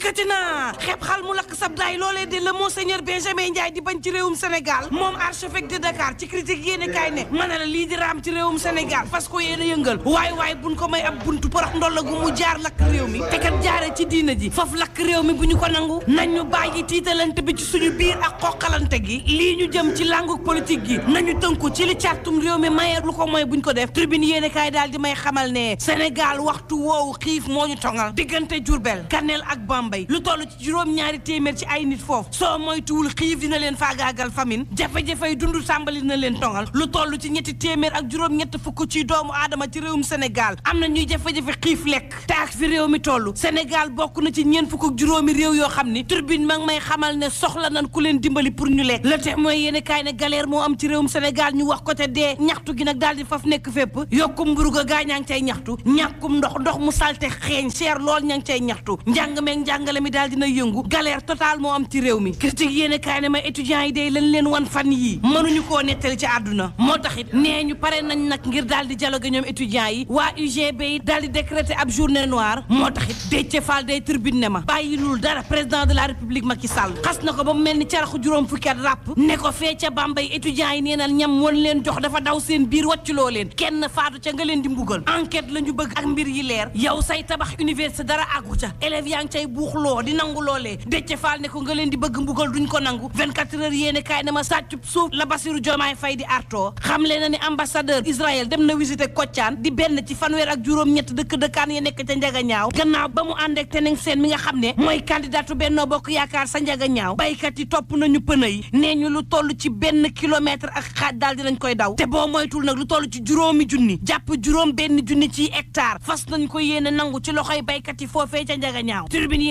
dikkati na xeeb xal mu lakk sab daay loolee de le monseigneur Benjamin Ndiaye di bañ ci réewum Sénégal moom archevêque de Dakar ci critique yéen kaay ne mën lii di raam ci réewum Sénégal parce que yéen a yëngal waaye waaye buñ ko may ab buntu porox ndolla gu mu jaar lakk réew mi te kat jaaree ci diina ji foofu lakk réew mi bu ñu ko nangu nañu bàyyi tiitalante bi ci suñu biir ak xoqalante gi lii ñu jëm ci langu politique gi nañu tënku ci li càrtum réew mi maye lu ko mooy buñ ko def tribune yéen kaay daal di may xamal ne Sénégal waxtu woowu xiif moo ñu toŋal diggante Jurbel Kanel ak Bamba Bambey lu toll ci juróom-ñaari téeméer ci ay nit foofu soo moytuwul xiif dina leen faagaagal famine jafe-jafey dund sàmbali dina leen tongal lu toll ci ñetti téeméer ak juróom-ñett fukk ci doomu aadama ci réewum Sénégal am na ñuy jafe-jafe xiif lekk taak fi réew mi toll Sénégal bokk na ci ñeent fukk juróomi réew yoo xam ni turbine ma ngi may xamal ne soxla nan ku leen dimbali pour ñu lekk le témoin yéene kaay ne galère moo am ci réewum Sénégal ñu wax ko te dee ñaxtu gi nag daal di fu nekk fépp yokkum mburu ga gaañaa ngi cay ñaxtu ñàkkum ndox ndox mu salte xeeñ cher lool ña ngi cay ñaxtu njàngale mi daal dina yëngu galère totale moo am ci réew mi critique yéen kaay ma étudiants yi day lañ leen wan fan yii mënuñu koo nettali ci àdduna moo tax it nee ñu pare nañ nag ngir daal di dialogue ñoom étudiants yi waa UGB yi daal di décréter ab journée noire moo tax it Déthié Fall day tribune ne ma bàyyilul dara président de la république Macky Sall xas na ko ba mu mel ni caraxu juróom fukki at ràpp ne ko fee ca Bambey étudiants yi nee na ñam woon leen jox dafa daw seen biir wàcculoo leen kenn faatu ca nga leen di mbugal enquête la ñu bëgg ak mbir yi leer yow say tabax université dara àggu ca élèves yuuxloo di nangu loole Déthié Fall ne ko nga leen di bëgg mbugal duñ ko nangu 24 heures yéene kaay ne ma sàccub suuf la Bassirou Diomaye Faye di artoo xam le na ne ambassadeur dem na visité Koccaan di benn ci fanweer ak juróom-ñett dëkk dëkk dëkkaan ya nekk ca njaga ñaaw gannaaw ba mu ànd ak Teneng Sène mi nga xam ne mooy candidatu Benno Bokk Yaakaar sa njaga ñaaw baykat yi topp nañu pëna yi nee ñu lu toll ci benn kilomètre ak xaaj daal dinañ koy daw te moytul nag lu toll ci juróomi junni jàpp juróom benn junni ci hectare fas nañ ko yéene nangu ci loxoy baykat yi foofee ca njaga ñaaw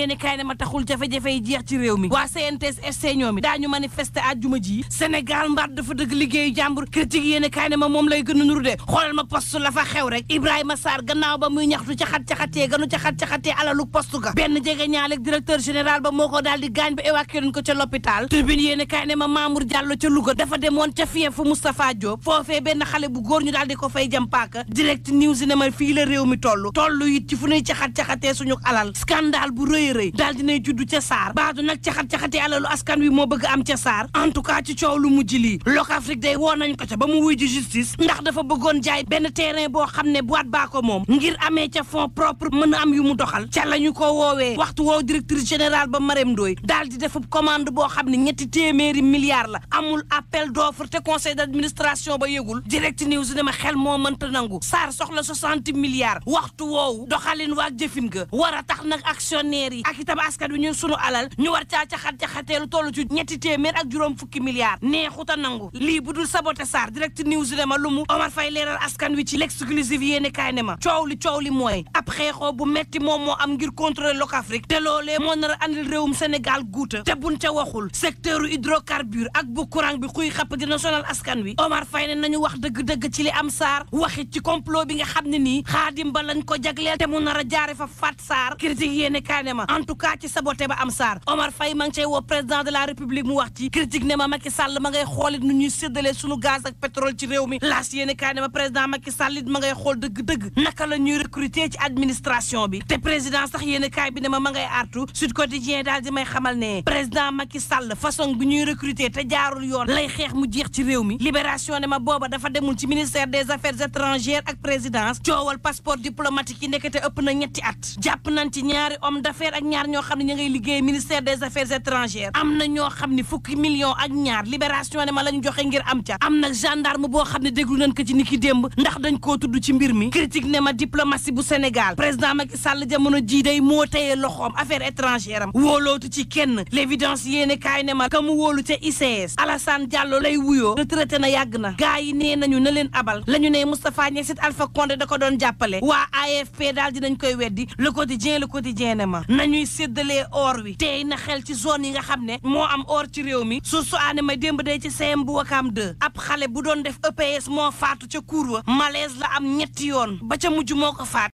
ne kaay ma taxul jafe-jafe yi jeex ci réew mi waa CNTS FC ñoom it daañu manifester àjjuma ji Sénégal mbaat dafa dëgg liggéey jàmbur critique yéen kaay ne ma moom lay gën a nuru de xoolal ma poste la fa xew rek Ibrahima Sarr gannaaw ba muy ñaxtu caxat caxatee ganu caxat caxatee alalu poste ga benn jege ñaaleeg directeur général ba moo ko daal di gaañ ba évacué ko ca l'hôpital tribune yéen kaay ne ma Mamour Diallo ca Louga dafa demoon ca fien fu Moustapha Diop foofee benn xale bu góor ñu daal di ko fay jam paaka direct news ne ma fii la réew mi toll toll it ci fu ñuy caxat caxatee suñu alal scandale bu rëy daal dinay juddu ca saar baadu nag caxat-caxatee alalu askan wi moo bëgg am ca saar en tout cas ci coow lu mujj lii Locafrique day woo nañ ko ca ba mu wuy ji justice ndax dafa bëggoon jaay benn terrain boo xam ne boîte baa ko moom ngir ame ca fonds propre mën a am yu mu doxal ca la ñu ko woowee waxtu woow directrice générale ba Marème Ndoye daal di defub commande boo xam ne ñetti téeméeri milliards la amul appel d'offre te conseil d'administration ba yëgul direct news ne ma xel moo mënta nangu saar soxla 60 milliards waxtu woowu doxalin waak jëfin war a tax nag actionnaire yi ak itam askan wi ñu sunu alal ñu war caa caxat caxatee lu toll ci ñetti téeméer ak juróom fukki milliards neexuta nangu lii bu dul saboté Sarr direct news dama lu mu Omar fay leeral askan wi ci l'exclusive yéene kaay ne ma coow li coow li mooy ab xeexoo bu metti moom moo am ngir contrôler Locafrique te loolee moo nar a andil réewum Sénégal guuta te buñ ca waxul secteur hydrocarbure ak bu courant bi xuy xapp dina sonal askan wi Omar Faye ne nañu wax dëgg-dëgg ci li am Sarr waxit ci complot bi nga xam ne nii xaadim ba lañ ko jagleel te mu nar a jaare fa faat Sarr critique yéene kaay ne ma en tout cas ci saboté ba am saar Omar Faye ma ngi cay woo président de la république mu wax ci critique ne ma Macky Sall ma ngay xoolit nu ñuy séddalee sunu gaz ak pétrole ci réew mi laas yéene kaay ne ma président Macky Sall it ma ñuy recruter ci te président sax façon bi ñuy recruter te jaarul yoon lay xeex mu jeex ci réew mi libération ne ma booba dafa demul ci ministère des affaires étrangères ak présidence coowal passeport diplomatique yi nekkate ëpp na ñetti at jàpp nañ ci ñaari homme d'affaires ak ñaar ñoo xam ne ña ngay liggéey ministère des affaires étrangères am na ñoo xam ne fukki million ak ñaar libération ne ma la joxe ngir am ca am na gendarme boo xam ne déglu nañ ko ci niki démb ndax dañ koo tudd ci mbir mi critique ne ma diplomatie bu Sénégal président ma Sall jamono jii day moo teye loxoom affaire étrangère am wóolootu ci kenn l'évidence yéene kaay ne ma ka mu wóolu ca ICS Alassane Diallo lay wuyoo retraité na yàgg na gars yi nee nañu na leen abal la ñu ne Moustapha Niass Alpha Condé da ko doon jàppale waa AFP daal dinañ koy weddi le quotidien le quotidien ne ma ñuy séddalee or wi te na xel ci zone yi nga xam ne moo am or ci réew mi su su aane ma démb dee ci CM bu Wakaam 2 ab xale bu doon def EPS moo faatu ca kuur wa malaise la am ñetti yoon ba ca mujj moo ko faat